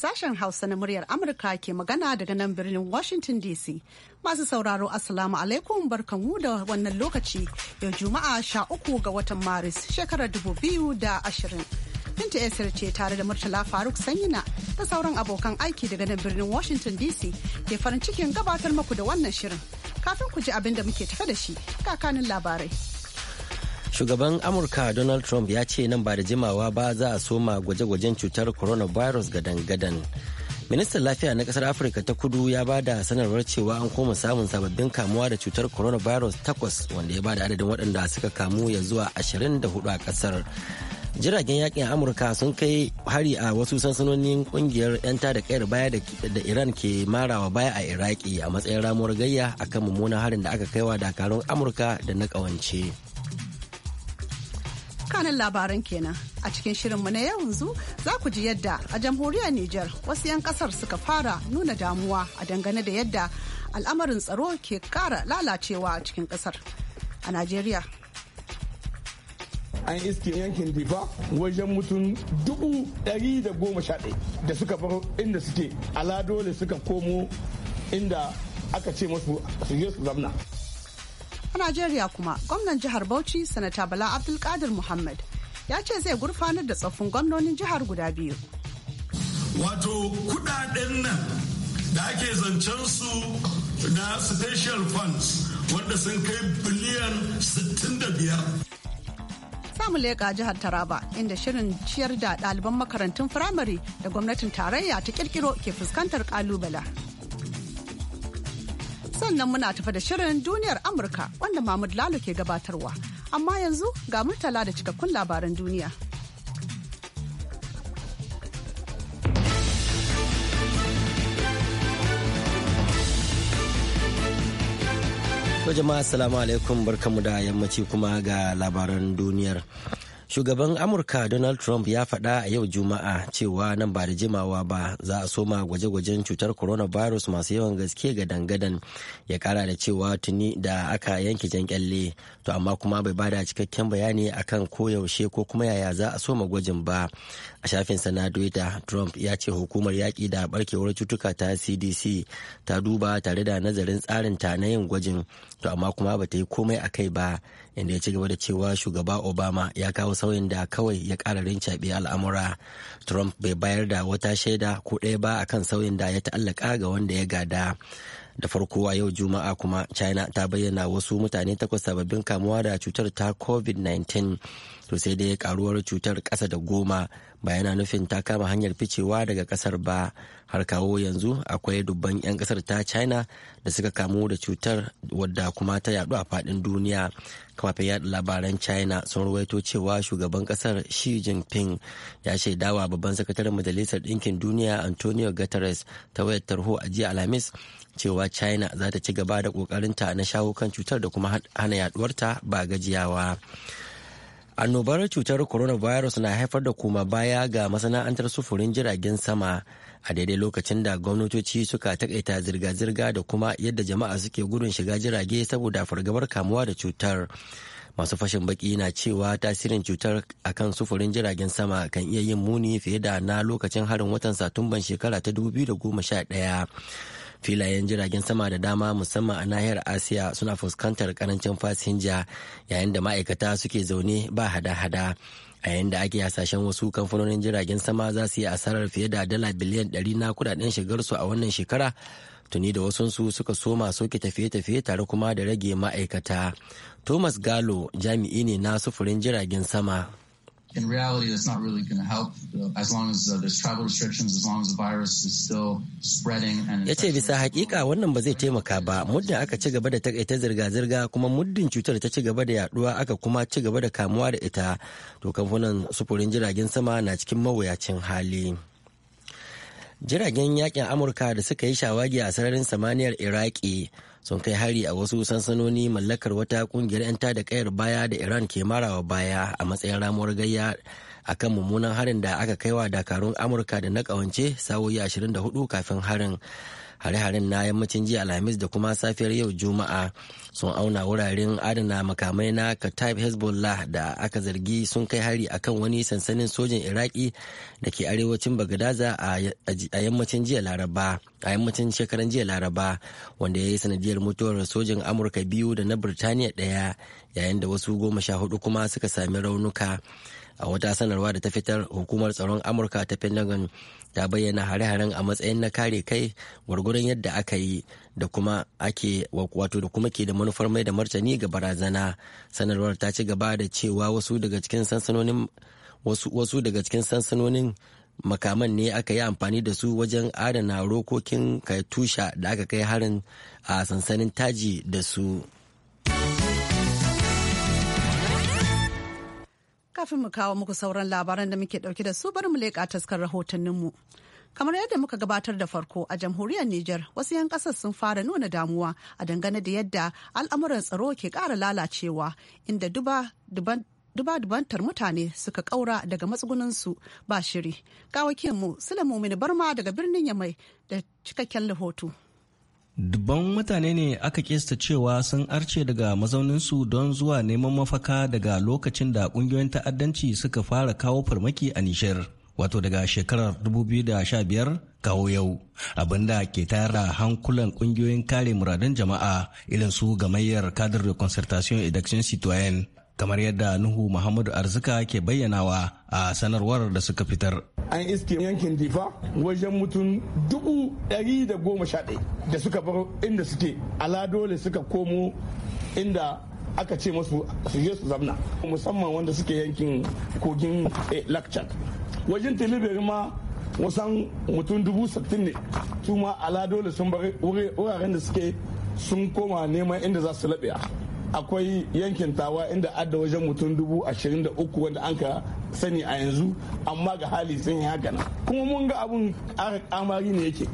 Sashen Hausa na muryar Amurka ke magana daga nan birnin Washington DC. Masu sauraro asalamu alaikum barkanmu da wannan lokaci yau Juma'a sha uku ga watan Maris shekarar dubu biyu da ashirin. Binta Esir ce tare da Murtala Faruk Sanyina ta sauran abokan aiki daga nan birnin Washington DC ke farin cikin gabatar muku da wannan shirin. Kafin ku ji abin da muke tafe da shi kakanin labarai. shugaban amurka donald trump ya ce nan ba da jimawa ba za a soma gwaje-gwajen cutar coronavirus gadan-gadan ministan lafiya na kasar afirka ta kudu ya ba da sanarwar cewa an koma samun sababbin kamuwa da cutar coronavirus takwas wanda ya ba da adadin waɗanda suka kamu ya zuwa 24 a kasar jiragen yakin amurka sun kai hari a wasu sansanonin kungiyar 'yan da kayar baya da iran ke marawa baya a iraki a matsayin ramuwar gayya akan mummunan harin da aka kaiwa dakarun amurka da na kawance. dukkanin labaran kenan a cikin shirinmu na yanzu za ku ji yadda a jamhuriyar Nijar wasu 'yan kasar suka fara nuna damuwa a dangane da yadda al'amarin tsaro ke kara lalacewa a cikin kasar a Najeriya. an iske yankin difa wajen mutum dubu ɗari da goma sha da suka bar inda suke ala dole suka komo inda aka ce masu su zamna. A Najeriya kuma gwamnan jihar Bauchi sanata Bala Abdulkadir Muhammad ya ce zai gurfanar da tsoffin gwamnonin jihar guda biyu. Wato kudaden nan da ake zancen su na special funds wanda sun kai biliyan 65. samu leƙa jihar Taraba inda shirin ciyar da ɗaliban makarantun firamare da gwamnatin tarayya ta ƙirƙiro, ke fuskantar ƙalubala. sannan muna tafa da shirin duniyar Amurka wanda Mahmud Lalo ke gabatarwa. Amma yanzu ga murtala da cikakkun labaran duniya. jama'a assalamu alaikum barkamu da yammaci kuma ga labaran duniyar. shugaban amurka donald trump ya faɗa a yau juma'a cewa nan ba da jimawa ba za a soma gwaje-gwajen cutar coronavirus masu yawan gaske ga dangadan ya kara da cewa tuni da aka yanke jan kyalle to amma kuma bai bada cikakken bayani akan koyaushe ko kuma yaya za a soma gwajin ba a shafin na twitter trump ya ce hukumar yaƙi da barkewar cutuka ta cdc ta duba tare da nazarin tsarin ta na yin gwajin to amma kuma bata yi komai a kai ba inda ya ci gaba da cewa shugaba obama ya kawo sauyin da kawai ya ƙara rincaɓe al'amura trump bai bayar da wata shaida ko ɗaya ba akan sauyin da ya ta'allaka ga wanda ya gada da farko a yau juma'a kuma china ta bayyana wasu mutane takwas sababbin kamuwa da cutar ta covid-19 to sai dai karuwar cutar kasa da goma ba yana nufin ta kama hanyar ficewa daga kasar ba har kawo yanzu akwai dubban 'yan kasar ta china da suka kamu da cutar wadda kuma ta yadu a fadin duniya kafafen yada labaran china sun ruwaito cewa shugaban kasar xi jinping ya shaidawa babban sakataren majalisar ɗinkin duniya antonio guterres ta wayar tarho a jiya alhamis cewa china za ta ci gaba da kokarinta na shawo kan cutar da kuma hana yaduwarta ba gajiyawa annobar cutar coronavirus na haifar da kuma baya ga masana'antar sufurin jiragen sama a daidai lokacin da gwamnatoci suka takaita zirga-zirga da kuma yadda jama'a suke gudun shiga jirage saboda fargabar kamuwa da cutar masu fashin baki na cewa tasirin cutar akan sufurin jiragen sama kan iya yin muni fiye da na lokacin harin watan satumban shekara ta 2011 filayen jiragen sama da dama musamman a nahiyar asiya suna fuskantar karancin fasinja yayin da ma'aikata suke zaune ba hada-hada a yayin da ake hasashen wasu kamfanonin jiragen sama za su yi asarar fiye da dala biliyan 100 na kudaden shigarsu a wannan shekara tuni da wasunsu suka soma soke tafiye-tafiye tare kuma da rage ma'aikata thomas gallo jami'i ne na sufurin jiragen sama in reality, that's not really going to help as long as uh, there's travel restrictions, as long as the virus is still spreading. Ya ce bisa hakika wannan ba zai taimaka ba muddin aka ci gaba da takaita zirga-zirga kuma muddin cutar ta ci gaba da yaduwa aka kuma ci gaba da kamuwa da ita to kamfanin sufurin jiragen sama na cikin mawuyacin hali. Jiragen yakin Amurka da suka yi shawagi a sararin samaniyar Iraki sun kai hari a wasu sansanoni mallakar wata kungiyar 'yan da kayar baya da iran ke marawa baya a matsayin ramuwar gayya a kan mummunan harin da aka kaiwa dakarun amurka da na kawance sa'o'i 24 kafin harin hare-haren na yammacin jiya alhamis da kuma safiyar yau juma'a sun auna wuraren adana makamai na kataib hezbollah da aka zargi sun kai hari akan wani sansanin sojin iraki da ke arewacin bagadaza a yammacin jiya laraba a yammacin shekaran jiya laraba wanda ya yi sanadiyar mutuwar sojin amurka biyu da na birtaniya daya yayin da wasu goma sha hudu kuma suka sami raunuka a wata sanarwa da ta fitar hukumar tsaron amurka ta pentagon ta bayyana hare-haren a matsayin na kare kai gwargwaron yadda aka yi da kuma ake wato da kuma ke da manufar mai da martani ga barazana sanarwar ta ci gaba da cewa wasu daga cikin sansanonin makaman ne aka yi amfani da su wajen adana rokokin katusha da aka kai harin a sansanin taji da su. kafin mu kawo muku sauran labaran da muke dauke da su bari mu leƙa taskar rahotanninmu. Kamar yadda muka gabatar da farko a jamhuriyar Nijar wasu 'yan ƙasar sun fara nuna damuwa a dangane da yadda al'amuran tsaro ke ƙara lalacewa inda duba duban duba-dubantar mutane suka kaura daga matsugunansu ba shiri. Ga wakilinmu Sulaimu Barma daga birnin Yamai da cikakken rahoto. Dubban mutane ne aka kesta cewa sun arce daga mazauninsu don zuwa neman mafaka daga lokacin da kungiyoyin ta'addanci suka fara kawo farmaki a Nishar, wato daga shekarar 2015 kawo yau, abinda ke tara hankulan kungiyoyin kare muradun jama'a irin su gamayyar kadar da concertation et d'action citoyenne kamar yadda Nuhu Muhammadu Arzika ke bayyanawa a sanarwar da suka fitar. An iske yankin Difa wajen mutum dubu ɗari da goma sha da suka bar inda suke ala dole suka komo inda aka ce masu suje su zamna musamman wanda suke yankin kogin eh, lakchak wajen tilibiri ma wasan mutum dubu sattin ne su ma ala dole sun bar wuraren da suke sun koma neman inda za su laɓe akwai yankin tawa inda adda wajen mutum dubu ashirin da uku wanda an ka sani a yanzu amma ga hali sun yi haka kuma mun ga abun amari ne yake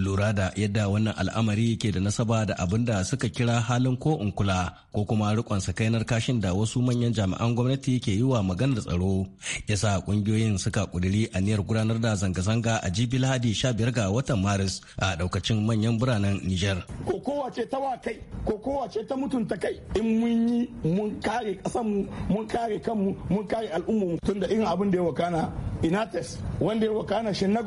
lura da yadda wannan al'amari ke da nasaba da abin da suka kira halin ko in kula ko kuma rikon sakainar kashin da wasu manyan jami'an gwamnati ke yi wa maganar tsaro yasa kungiyoyin suka kuduri aniyar gudanar da zanga-zanga a jibi lahadi 15 ga watan maris a daukacin manyan biranen niger ko ce ta wa kai ko ce ta mutunta kai in mun yi mun kare mu, mun kare kanmu mun kare al'ummu tunda irin abin da ya wakana inates wanda ya wakana shin na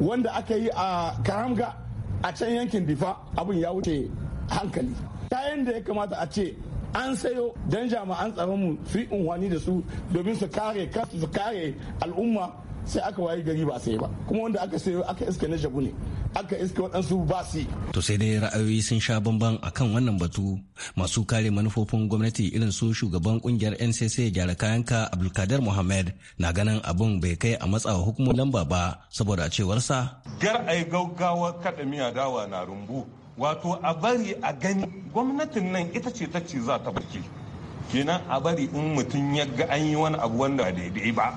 wanda aka yi a karamga a can yankin difa abin ya wuce hankali ta yadda ya kamata a ce an sayo don jama'an tsaronmu su yi unwani da su domin su kare kasu su kare al'umma sai aka waye gari ba sai ba kuma wanda aka sai aka iske na jabu ne aka iske waɗansu ba su to sai dai ra'ayoyi sun sha bamban a kan wannan batu masu kare manufofin gwamnati irin su shugaban kungiyar ncc gyara kayanka abdulkadir muhammed na ganin abun bai kai a matsawa hukumar lamba ba saboda a cewarsa gar yi gaggawa kada miya dawa na rumbu wato a bari a gani gwamnatin nan ita ce ta ce za ta barke kenan a bari in mutum ya ga an yi wani abu wanda daidai ba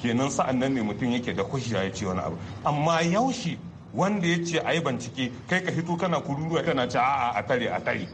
kenan sa'an nan ne mutum yake da kushiya ya ce wani abu amma yaushe wanda ya ce a yi bincike kai ka hito kana kururuwa kana ce a'a a tare a tare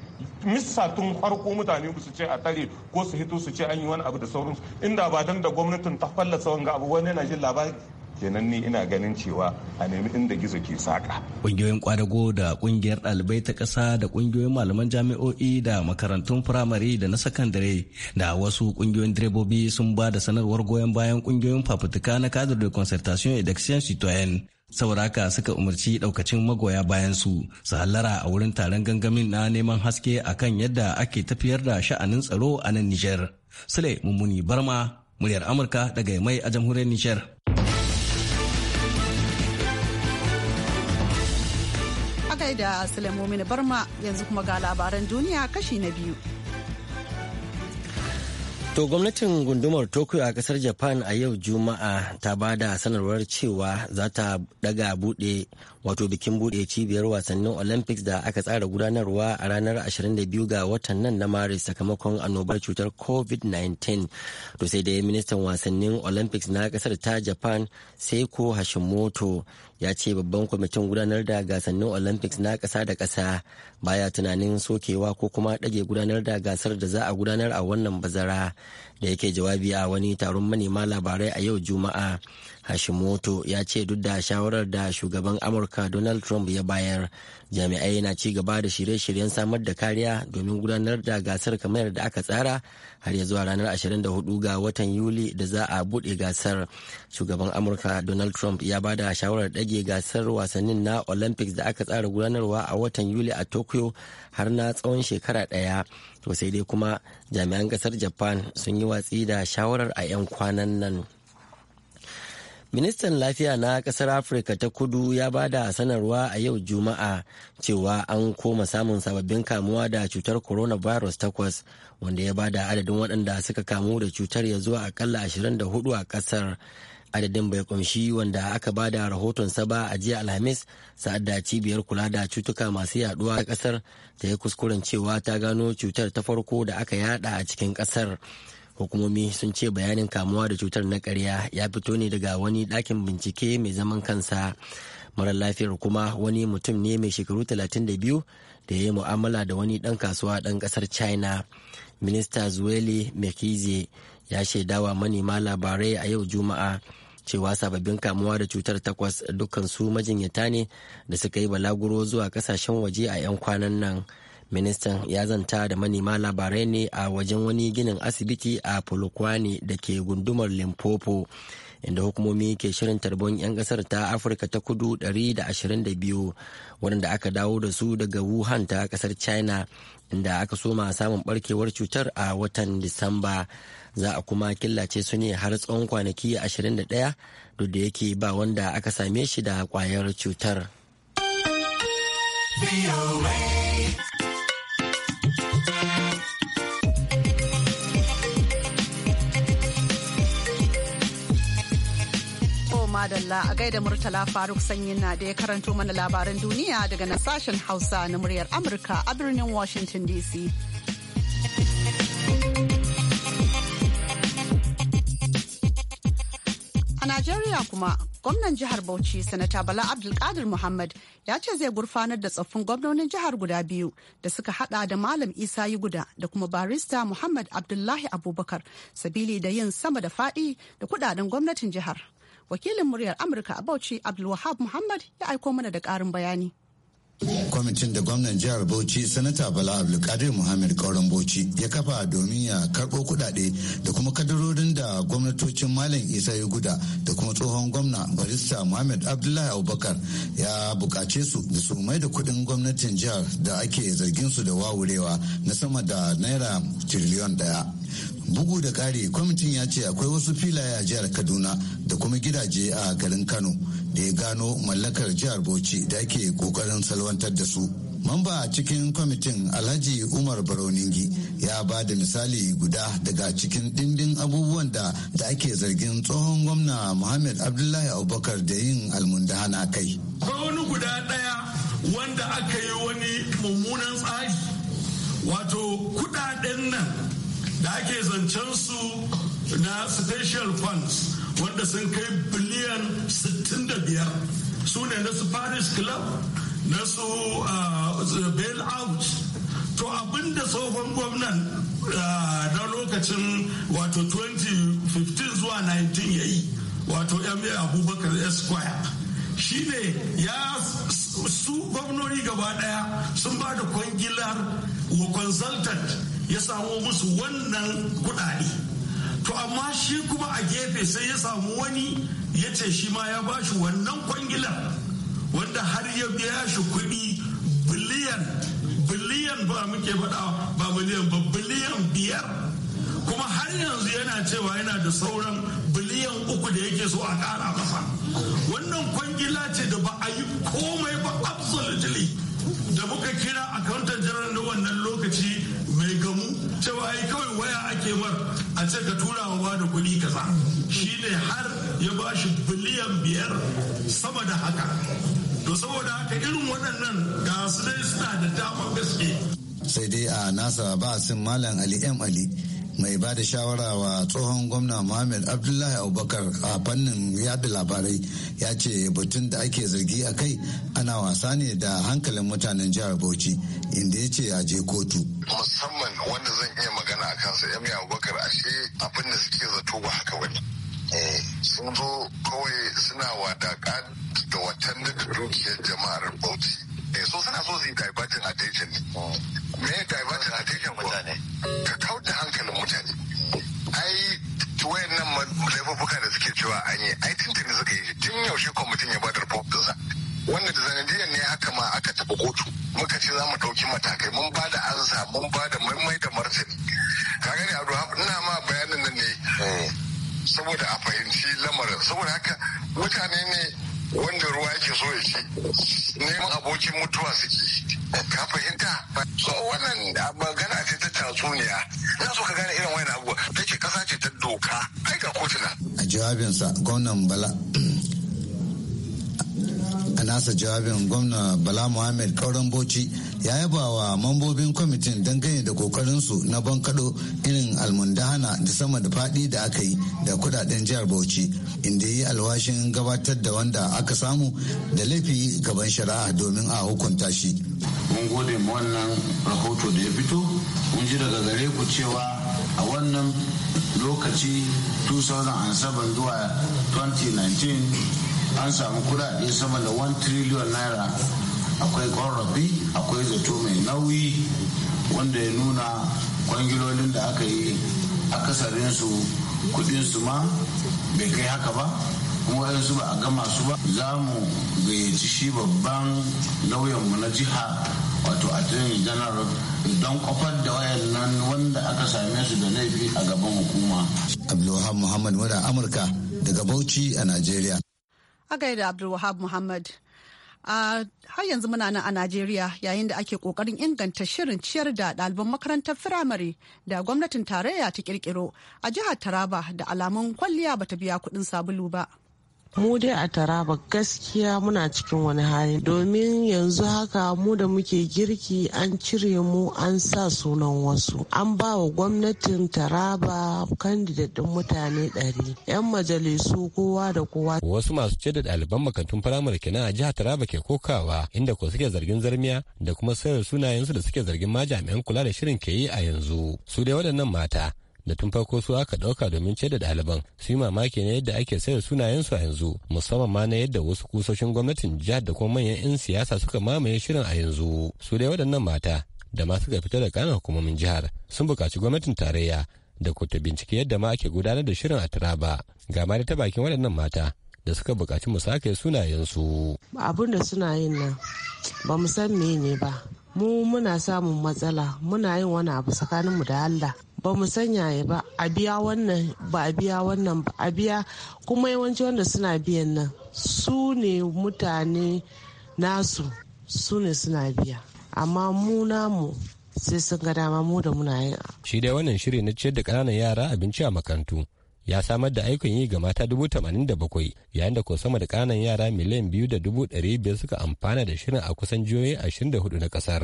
misa tun farko mutane su ce a tare ko su hito su ce an yi wani abu da sauransu inda ba dan da gwamnatin ta fallasa wanga abu wani yana jin labari kenan ni ina ganin cewa a nemi inda gizo ke saka ƙungiyoyin kwadago da ƙungiyar ɗalibai ta ƙasa da ƙungiyoyin malaman jami'o'i da makarantun firamare da na sakandare da wasu ƙungiyoyin direbobi sun ba da sanarwar goyon bayan ƙungiyoyin fafutuka na kadar da concertation et d'action sauraka suka umarci daukacin magoya bayan su su hallara a wurin taron gangamin na neman haske akan yadda ake tafiyar da sha'anin tsaro a nan Nijar. Sule Mummuni Barma, muryar Amurka daga mai a jamhuriyar Nijar. da Sulaimu Barma yanzu kuma ga labaran duniya kashi na biyu. To gwamnatin gundumar Tokyo a kasar Japan a yau Juma'a ta ba da sanarwar cewa za ta daga bude wato bikin bude cibiyar wasannin Olympics da aka tsara gudanarwa a ranar 22 ga watan nan na Maris sakamakon annobar cutar COVID-19. To sai dai ministan wasannin Olympics na kasar ta Japan Seiko Hashimoto ya ce babban kwamitin gudanar da gasannin olympics na ƙasa da ƙasa baya tunanin sokewa ko kuma ɗage gudanar da gasar da za a gudanar a wannan bazara da yake jawabi a wani taron manema labarai a yau juma'a Hashimoto ya ce duk da shawarar da shugaban Amurka Donald Trump ya bayar, jami'ai na ci gaba da shirye-shiryen samar da kariya domin gudanar da gasar kamar da aka tsara har ya zuwa ranar 24 ga watan Yuli da za a buɗe gasar. Shugaban Amurka Donald Trump ya ba da shawarar ɗage gasar wasannin na Olympics da aka tsara gudanarwa a watan Yuli a Tokyo har na tsawon shekara ɗaya. To sai dai kuma jami'an ƙasar Japan sun yi watsi da shawarar a 'yan kwanan nan. Ministan Lafiya na ƙasar Afirka ta kudu ya ba da sanarwa a yau Juma'a cewa an koma samun sababbin kamuwa da cutar coronavirus takwas wanda ya ba da adadin waɗanda suka kamu da cutar ya zuwa akalla 24 a ƙasar. Adadin bai kunshi wanda aka ba da rahoton ba a jiya Alhamis sa'ad da cibiyar kula da cutuka masu yaduwa a ƙasar ta yi kuskuren cewa ta gano cutar ta farko da aka yada a cikin ƙasar. hukumomi sun ce bayanin kamuwa da cutar na karya ya fito ne daga wani dakin bincike mai zaman kansa mara lafiyar kuma wani mutum ne mai shekaru 32 da ya yi mu'amala da wani ɗan kasuwa ɗan ƙasar china minista zuweli mekize ya shaidawa manema labarai a yau juma'a cewa sababbin kamuwa da cutar takwas dukkan su majinyata ne da suka yi balaguro zuwa kasashen waje a 'yan kwanan nan ministan ya zanta da manema labarai ne a wajen wani ginin asibiti a polokwane da ke gundumar limpopo inda hukumomi ke shirin tarbon 'yan kasar ta afirka ta kudu 122 waɗanda aka dawo da su daga wuhan ta kasar china inda aka soma samun barkewar cutar a watan disamba za a kuma killace su ne har tsawon kwanaki 21 duk da yake ba wanda aka same shi da kwayar cutar. Madalla a gaida Murtala Faruk sanyi na da ya karanto mana labaran duniya daga nan sashen Hausa na muryar Amurka a birnin Washington DC. A Najeriya kuma gwamnan jihar Bauchi sanata Bala Abdulkadir Muhammad ya ce zai gurfanar da tsoffin gwamnonin jihar guda biyu da suka hada da Malam Isa Yuguda da kuma barista Muhammad Abdullahi Abubakar sabili da yin sama da faɗi da kudaden gwamnatin jihar. wakilin muryar amurka a bauchi abdulwahab muhammad ya aiko mana da karin bayani kwamitin da gwamnan jihar bauchi sanata bala abdulkadir muhammad kauran bauchi ya kafa domin ya karbo kudade da kuma kadarorin da gwamnatocin malam isa ya guda da kuma tsohon gwamna barista muhammad abdullahi abubakar ya bukace su da su mai da kuɗin gwamnatin jihar da ake zargin su da wawurewa na sama da naira tiriliyon daya bugu da kare kwamitin ya ce akwai wasu filaye a jihar kaduna da kuma gidaje a garin kano da ya gano mallakar jihar bauchi da ake kokarin salwantar da su mamba a cikin kwamitin alhaji umar baroningi ya ba da misali guda daga cikin dindin abubuwan da da ake zargin tsohon gwamna muhammad abdullahi abubakar da yin almunda almundahana kai wani guda daya wanda aka yi wani mummunan tsari wato kudaden nan da ake zancen su na special funds wanda sun kai biliyan 65 su ne na su paris club na su ah, bail out to abinda tsohon gwamnan ah, na lokacin wato 2015 zuwa 19 ya yi wato ma abubakar esquire shine ya su gwamnoni gaba daya sun ba da kwangilar wa consultant ya samo musu wannan kuɗaɗe to amma shi kuma a gefe sai ya samu wani ya ce shi ma ya ba shi wannan kwangilar wanda har ya biya shi kuɗi biliyan biliyan ba muke faɗa ba miliyan ba biliyan biyar kuma har yanzu yana cewa yana da sauran biliyan uku da yake so a ƙara masa wannan kwangila ce da ba a yi komai ba absolutely da muka kira accountant general da wannan cewa ai kawai waya ake mar a ce ka tura wa da kuɗi kaza shine har ya ba shi biliyan biyar sama da haka to saboda haka irin waɗannan ga su dai suna da damar gaske sai dai a nasa ba sun malam ali m ali mai ba da shawara wa tsohon gwamna Muhammad Abdullahi Abubakar a fannin yada labarai ya ce batun da ake zargi a kai ana wasa ne da hankalin mutanen jihar Bauchi inda ya ce a je kotu. Musamman wanda zan iya magana a kansa Yami Abubakar ashe abin da suke zato ba haka wani. Eh, sun zo kawai suna wadaƙa da watan da dukiyar jama'ar Bauchi. Eh, so suna so su yi divergent attention ne. Mm. cewa an yi ai tuntuni suka yi tun yaushe kwamitin ya bada report ɗinsa wanda da zanadiyar ne haka ma aka tafi kotu muka ce za mu ɗauki matakai mun ba da ansa mun ba da maimai da martani ka ne abu ina ma bayanin nan ne eh. saboda a fahimci lamarin saboda haka mutane ne wanda ruwa yake so ya ci neman abokin mutuwa suke ka fahimta so wannan magana ce ta tatsuniya nasa gwamnan bala a nasa jawabin gwamna bala muhammed kauran bauchi ya yaba wa mambobin kwamitin dangane da kokarinsu na bankado irin almundahana da sama da fadi da aka yi da kudaden jihar bauchi inda yi alwashin gabatar da wanda aka samu da laifi gaban shari'a domin a hukunta shi mun gode wannan rahoto da ya fito mun ji daga gare ku cewa a wannan lokaci 2007 zuwa 2019 an samu kudade sama da 1 trillion naira akwai ƙorafi akwai zato mai nauyi wanda ya nuna kwangilolin da aka yi a akasarinsu su ma bai kai haka ba kuma waɗansu ba a gama su ba za mu gayyaci shi babban lauyanmu na jiha wato attorney general don kofar da wayannan wanda aka same su da laifi a gaban hukuma abdulwahab muhammad wadda amurka daga bauchi a nigeria a gaida abdulwahab muhammad a har yanzu muna nan a Najeriya yayin da ake kokarin inganta shirin ciyar da ɗaliban makarantar firamare da gwamnatin tarayya ta kirkiro a jihar Taraba da alamun kwalliya bata biya kuɗin sabulu ba. mu dai a taraba gaskiya muna cikin wani hali domin yanzu haka mu da muke girki an cire mu an sa sunan wasu an ba wa gwamnatin taraba candidate din mutane ɗari yan majalisu kowa da kowa wasu masu ce da ɗaliban makantun firamare kenan a jihar taraba ke kokawa inda ko suke zargin zarmiya da kuma sayar sunayensu da suke zargin ma jami'an kula da shirin ke yi a yanzu su dai waɗannan mata da tun farko su aka ɗauka domin ce da ɗaliban su yi mamaki na yadda ake sayar sunayensu a yanzu musamman ma na yadda wasu kusoshin gwamnatin jihar da kuma manyan 'yan siyasa suka mamaye shirin a yanzu su dai waɗannan mata da ma suka fita da kanan hukumomin jihar sun buƙaci gwamnatin tarayya da kuta bincike yadda ma ake gudanar da shirin a taraba ga ma ta bakin waɗannan mata da suka buƙaci mu sake sunayensu. abun da suna yin nan ba mu san ne ba mu muna samun matsala muna yin wani abu tsakaninmu da allah ba mu yaya ba a biya wannan ba a biya wannan ba a biya kuma yawanci wanda suna biyan nan su ne mutane nasu su ne suna biya amma mu namu sai sun ga dama mu da muna yin shi dai wannan shiri na ciyar da ƙananan yara abinci a makarantu ya samar da aikin yi ga mata dubu yayin da ko sama da kanan yara miliyan biyu da suka amfana da shirin a kusan jihohi ashirin da hudu na kasar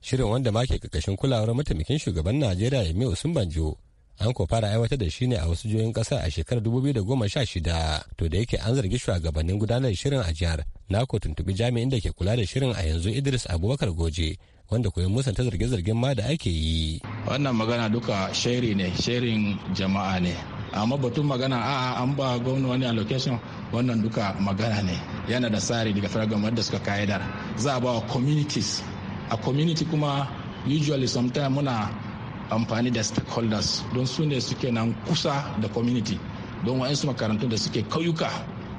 shirin wanda ma ke kakashin kulawar mataimakin shugaban najeriya yemi osunbanjo an ko fara aiwatar da shi ne a wasu jihohin kasa a shekarar 2016. to da yake an zargi shugabannin gudanar shirin a jihar na ko tuntubi jami'in da ke kula da shirin a yanzu idris abubakar goje wanda koyon ta zarge-zargen ma da ake yi. Wannan magana duka shairi ne, shairin jama'a ne. amma batun magana a an ba gwamna wani allocation wannan duka magana ne yana da tsari daga fara gama da suka ka'idar za a ba wa communities a community kuma usually sometimes muna amfani da stakeholders don su ne suke nan kusa da community don wa'insu makarantu da suke kauyuka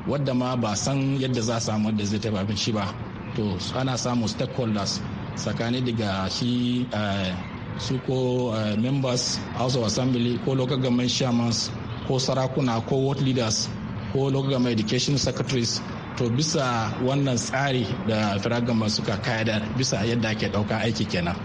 wadda ma ba san yadda za a samu wadda zai taɓa abinci ba to ana samun stakeholders tsakani daga shi eh, su ko eh, members house of assembly ko local government shamans ko sarakuna ko world leaders ko local education secretaries to bisa wannan tsari da firagama suka kayada bisa yadda ake ɗauka aiki kenan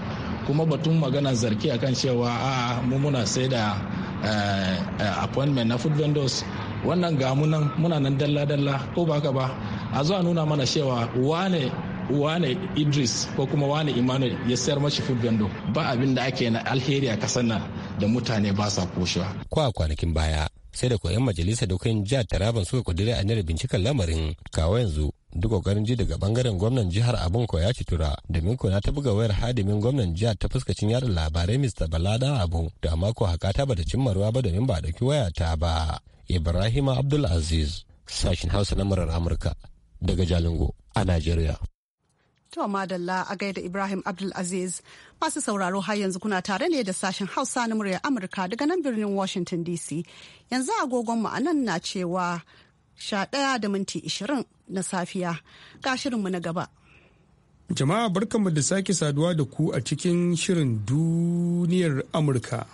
kuma batun magana zarki akan cewa a mu muna sai da eh, eh, appointment na food vendors wannan gamunan muna nan dalla-dalla ko ba ka ba a zuwa nuna mana cewa wane wane idris ko kuma wane emmanuel ya sayar mashi food vendor ba abin da ake na alheri a kasan nan da mutane ba sa koshewa ko a kwanakin baya sai da kwayan majalisa dokokin jihar taraban suka kudiri a nira binciken lamarin kawo yanzu duk kokarin ji daga bangaren gwamnan jihar abun ko ya tura domin ko ta buga wayar hadimin gwamnan jihar ta fuskacin yaran labarai mr balada abu da amma ko haka ta bata cimma ruwa ba domin ba dauki waya ta ba ibrahima abdulaziz sashin hausa na murar amurka daga jalingo a najeriya To madalla a gaida Ibrahim Abdulaziz masu sauraro har yanzu kuna tare ne da sashen Hausa na muryar Amurka daga nan birnin Washington DC. Yanzu agogonmu a nan na cewa sha ɗaya da minti ishirin na safiya ga shirinmu na gaba. Jama'a barkanmu da sake saduwa da ku a cikin shirin duniyar Amurka.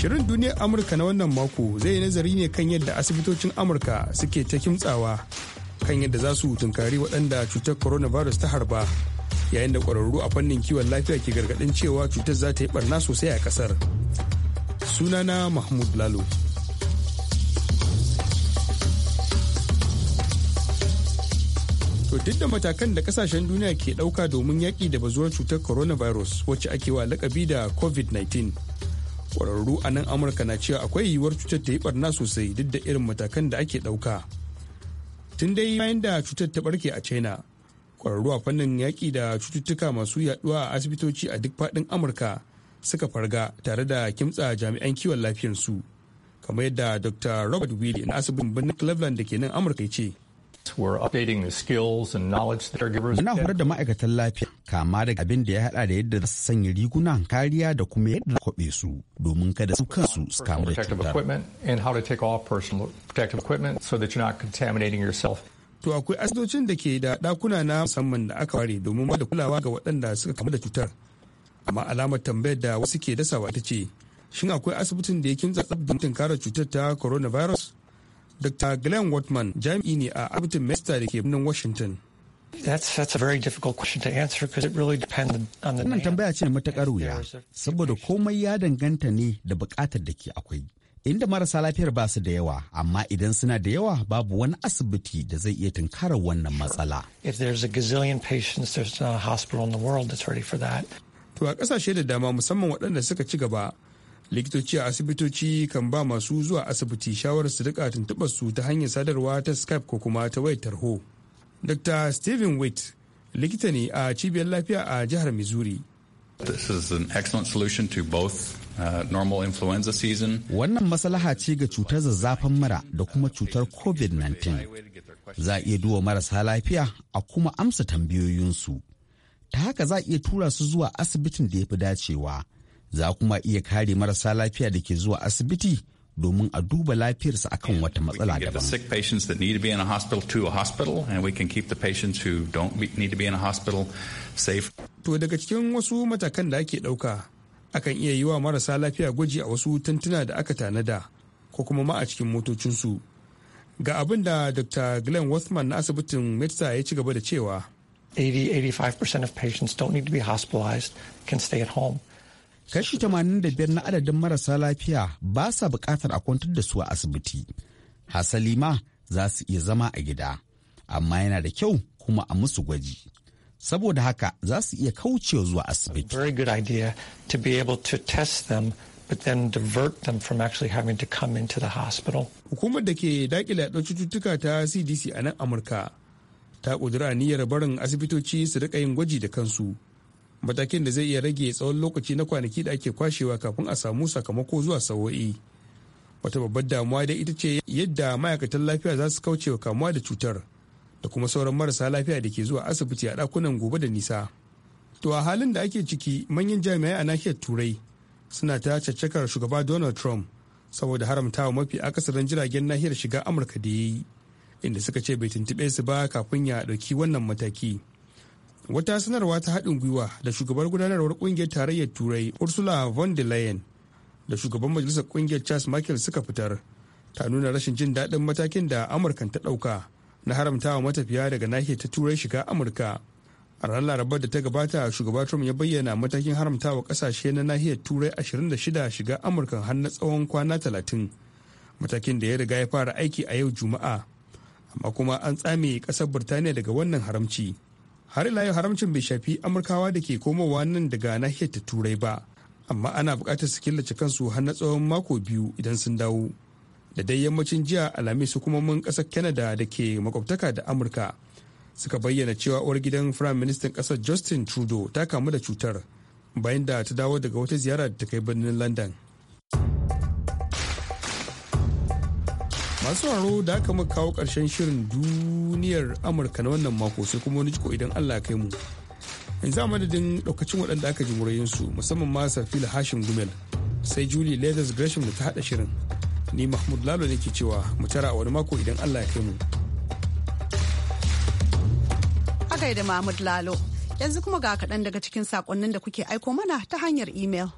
Shirin duniyar Amurka na wannan mako zai nazari ne kan yadda asibitocin Amurka suke ta kimtsawa kan yadda za su tunkari waɗanda cutar coronavirus ta harba yayin da ƙwararru a fannin kiwon lafiya ke gargaɗin cewa cutar za ta yi barna sosai a ƙasar. Sunana Mahmud Lalo. To duk da matakan da kasashen duniya ke ɗauka domin yaƙi da bazuwar cutar coronavirus wacce ake wa lakabi da COVID-19. kwararru a nan amurka na cewa akwai yiwuwar cutar ta yi barna sosai duk da irin matakan da ake ɗauka tun dai bayan da cutar ta barke a china kwararru a fannin yaƙi da cututtuka masu yaɗuwa a asibitoci a duk faɗin amurka suka farga tare da kimtsa jami'an kiwon lafiyarsu kamar yadda dr robert willie na asibitin birnin cleveland da ke nan amurka ya ce We're horar da ma'aikatan lafiya kama daga abin da ya hada da yadda za su sanya rigunan kariya da kuma yadda kwabe su domin kada su kansu su kamu da cutar. to akwai asibitocin da ke da dakuna na musamman da aka ware domin ba da kulawa ga waɗanda suka kamu da cutar. Amma alamar tambayar da wasu ke dasawa ita ce, shin akwai asibitin da ya kimtsa tsab da mutum kare cutar ta coronavirus? Dr. Glenn Watman jami'i ne a Abitin Mesta da ke birnin Washington. That's, that's a very difficult question to answer because it really Wannan tambaya ce matakar wuya saboda komai ya danganta ne da bukatar da ke akwai. Inda marasa lafiyar ba su da yawa, amma idan suna da yawa babu wani asibiti da zai iya tunkarar wannan matsala. If there's a gazillion hospital in the world for that. To a kasashe da dama musamman waɗanda suka ci gaba likitoci a asibitoci kan ba masu zuwa asibiti shawarar su rika tuntuɓar su ta hanyar sadarwa ta skype ko kuma ta wayar tarho dr steven wait likita ne a cibiyar lafiya a jihar missouri This is an excellent solution to both uh, normal influenza season. Wannan maslaha ce ga cutar zazzafan mura da kuma cutar COVID-19. Za a iya duwa marasa lafiya a kuma amsa tambayoyinsu. Ta haka za a iya tura su zuwa asibitin da ya fi dacewa za kuma iya kare marasa lafiya da ke zuwa asibiti domin a duba lafiyarsa akan wata matsala daban. To daga cikin wasu matakan da ake ɗauka, akan iya yi wa marasa lafiya gwaji a wasu tantuna da aka tanada ko kuma ma a cikin motocinsu. Ga abin da Dr. Glenn Wathman na asibitin Metsa ya ci gaba da cewa. 80-85% of patients don't need to be hospitalized, can stay at home. kashi 85 na adadin marasa lafiya ba sa bukatar a kwantar da su a asibiti hasali ma za su iya zama a gida amma yana da kyau kuma a musu gwaji saboda haka za su iya kaucewa zuwa asibiti be to test them but then divert them from actually having to come into the hospital hukumar da ke dakile da cututtuka ta cdc a nan amurka ta kudura niyyar barin asibitoci su rika yin gwaji da kansu matakin da zai iya rage tsawon lokaci na kwanaki da ake kwashewa kafin a samu sakamako zuwa sawo'i wata babbar damuwa dai ita ce yadda ma'aikatan lafiya za su kaucewa kamuwa da cutar da kuma sauran marasa lafiya da ke zuwa asibiti a ɗakunan gobe da nisa to a halin da ake ciki manyan jami'ai a nahiyar turai suna ta caccakar shugaba donald trump saboda haramtawa mafi akasarin jiragen nahiyar shiga amurka da ya yi inda suka ce bai tuntuɓe su ba kafin ya ɗauki wannan mataki wata sanarwa ta haɗin gwiwa da shugabar gudanarwar ƙungiyar tarayyar turai ursula von der leyen da shugaban majalisar ƙungiyar charles michael suka fitar ta nuna rashin jin daɗin matakin da amurkan ta ɗauka na haramtawa matafiya daga nahiyar ta turai shiga amurka a ranar larabar da ta gabata shugaba trump ya bayyana matakin haramtawa ƙasashe na nahiyar turai shida shiga amurka har na tsawon kwana talatin, matakin da ya riga ya fara aiki a yau juma'a amma kuma an tsame ƙasar birtaniya daga wannan haramci har ila yau haramcin bai shafi amurkawa da ke komowa nan daga nahiyar ta turai ba amma ana buƙatar su killace kansu har na tsawon mako biyu idan sun dawo da dai yammacin jiya alhamis hukumomin ƙasar canada da ke makwabtaka da amurka suka bayyana cewa uwar gidan firayim ministan ƙasar justin trudeau ta kamu da cutar bayan da ta dawo daga wata ziyara da ta kai birnin london masu sauraro da aka muka kawo ƙarshen shirin duniyar amurka na wannan mako sai kuma wani jiko idan allah kai mu yanzu a madadin ɗaukacin waɗanda aka ji murayinsu musamman ma safila hashim gumel sai julie leathers gresham da ta haɗa shirin ni mahmud lalo ne ke cewa mu tara a wani mako idan allah kai mu aka da mahmud lalo yanzu kuma ga kaɗan daga cikin saƙonnin da kuke aiko mana ta hanyar imel.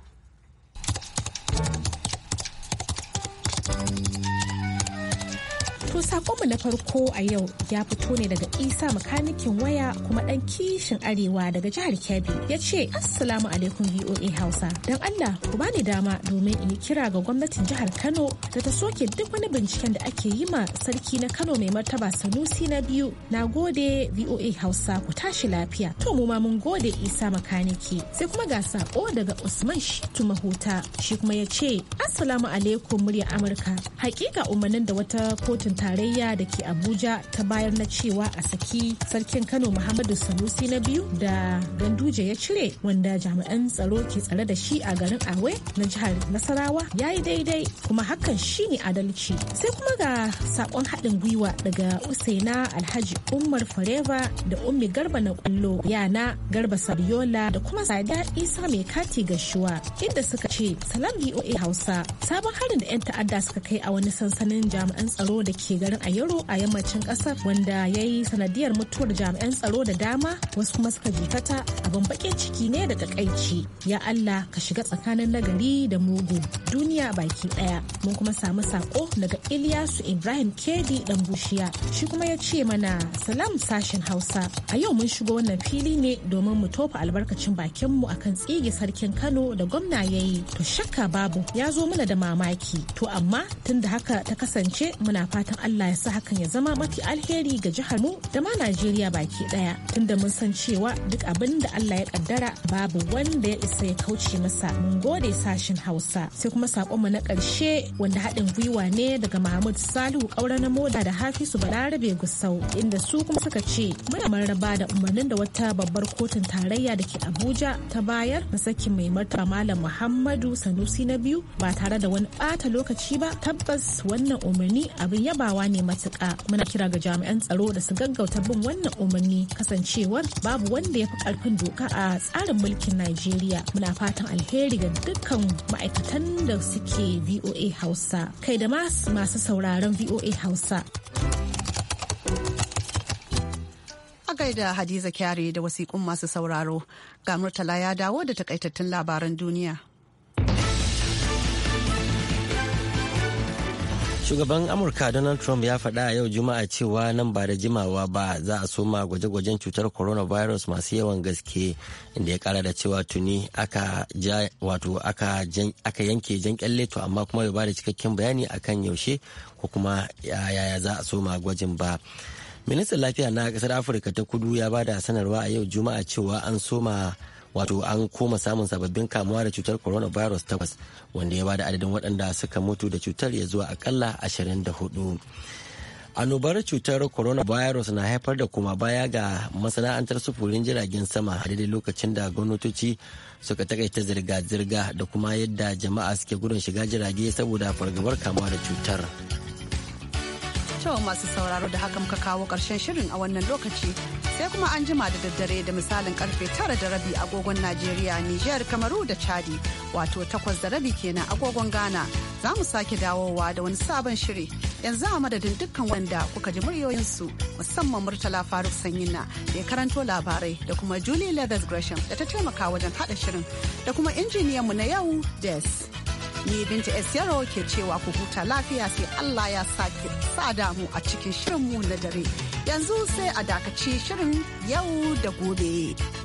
To sakonmu na farko a yau ya fito ne daga Isa makanikin waya kuma ɗan kishin arewa daga jihar Kebbi ya ce Assalamu alaikum VOA Hausa. Don Allah ku bani dama domin in yi kira ga gwamnatin jihar Kano da ta soke duk wani binciken da ake yi ma sarki na Kano mai martaba Sanusi na biyu. Na gode VOA Hausa ku tashi lafiya. To mu ma mun gode Isa makaniki. Sai kuma ga sako daga Usman Shitu Mahuta shi kuma ya ce Assalamu alaikum muryar Amurka. Hakika umarnin da wata kotun tarayya da ke abuja ta bayar na cewa a saki sarkin kano muhammadu sanusi na biyu da ganduje ya cire wanda jami'an tsaro ke tsare da shi a garin awe na jihar nasarawa ya yi daidai kuma hakan shi ne adalci sai kuma ga sakon haɗin gwiwa daga usaina alhaji umar fareva da ummi garba na kullo yana garba sabiola da kuma sada isa mai kati ga shuwa inda suka ce salam voa hausa sabon harin da 'yan ta'adda suka kai a wani sansanin jami'an tsaro da ke ke garin Ayero a yammacin kasar wanda ya yi sanadiyar mutuwar jami'an tsaro da dama wasu kuma suka jikata abin bakin ciki ne da takaici. Ya Allah ka shiga tsakanin nagari da mugu duniya baki daya. Mun kuma samu sako daga Ilyasu Ibrahim Kedi dan Bushiya. Shi kuma ya ce mana salam sashin Hausa. A yau mun shigo wannan fili ne domin mu tofa albarkacin bakin mu akan tsige sarkin Kano da gwamna yayi To shakka babu ya zo mana da mamaki. To amma tunda haka ta kasance muna fatan Allah ya sa hakan ya zama mafi alheri ga jihar mu da ma Najeriya baki daya tunda mun san cewa duk abin da Allah ya kaddara babu wanda ya isa ya kauce masa mun gode sashin Hausa sai kuma sakon mu na karshe wanda haɗin gwiwa ne daga Mahmud Salihu Kaura na Moda da hafisu Balarabe Gusau inda su kuma suka ce muna maraba da umarnin da wata babbar kotun tarayya da ke Abuja ta bayar na sakin mai martaba Malam Muhammadu Sanusi na biyu ba tare da wani ɓata lokaci ba tabbas wannan umarni abin yaba takurawa ne matuƙa muna kira ga jami'an tsaro da su gaggauta bin wannan umarni kasancewar babu wanda ya fi karfin doka a tsarin mulkin najeriya muna fatan alheri ga dukkan ma'aikatan da suke voa hausa kai da masu sauraron voa hausa gaida hadiza kyare da wasiƙun masu sauraro ga murtala ya dawo da takaitattun labaran duniya Shugaban Amurka Donald Trump ya faɗa a yau Juma'a cewa nan ba da jimawa ba za a soma gwaje-gwajen cutar coronavirus masu yawan gaske inda ya kara da cewa tuni aka yanke jan kyalle amma kuma bai ba da cikakken bayani akan yaushe ko kuma yaya za a soma gwajin ba. Ministan lafiya na kasar Afirka ta kudu ya ba da sanarwa a yau Juma'a cewa an soma wato an koma samun sababbin kamuwa da cutar coronavirus takwas wanda ya bada adadin waɗanda suka mutu da cutar ya zuwa akalla 24 annobar cutar coronavirus na haifar da kuma baya ga masana'antar sufurin jiragen sama a daidai lokacin da gwamnatoci suka takaita zirga-zirga da kuma yadda jama'a suke gudun shiga jirage saboda fargabar kamuwa da cutar. To masu sauraro da haka muka kawo ƙarshen shirin a wannan lokaci sai kuma an jima da daddare da misalin karfe tara da rabi agogon Najeriya, Nijar, Kamaru da Chadi wato takwas da rabi kenan agogon Ghana za mu sake dawowa da wani sabon shiri yanzu a madadin dukkan wanda kuka ji muryoyinsu musamman Murtala Faruk Sanyina da ya karanto labarai da kuma Julie Leathers Gresham da ta taimaka wajen haɗa shirin da kuma mu na yau Des. ni binta yaro ke cewa ku huta lafiya sai Allah ya sake sa damu a cikin shirinmu na dare. Yanzu sai a dakace shirin yau da gobe.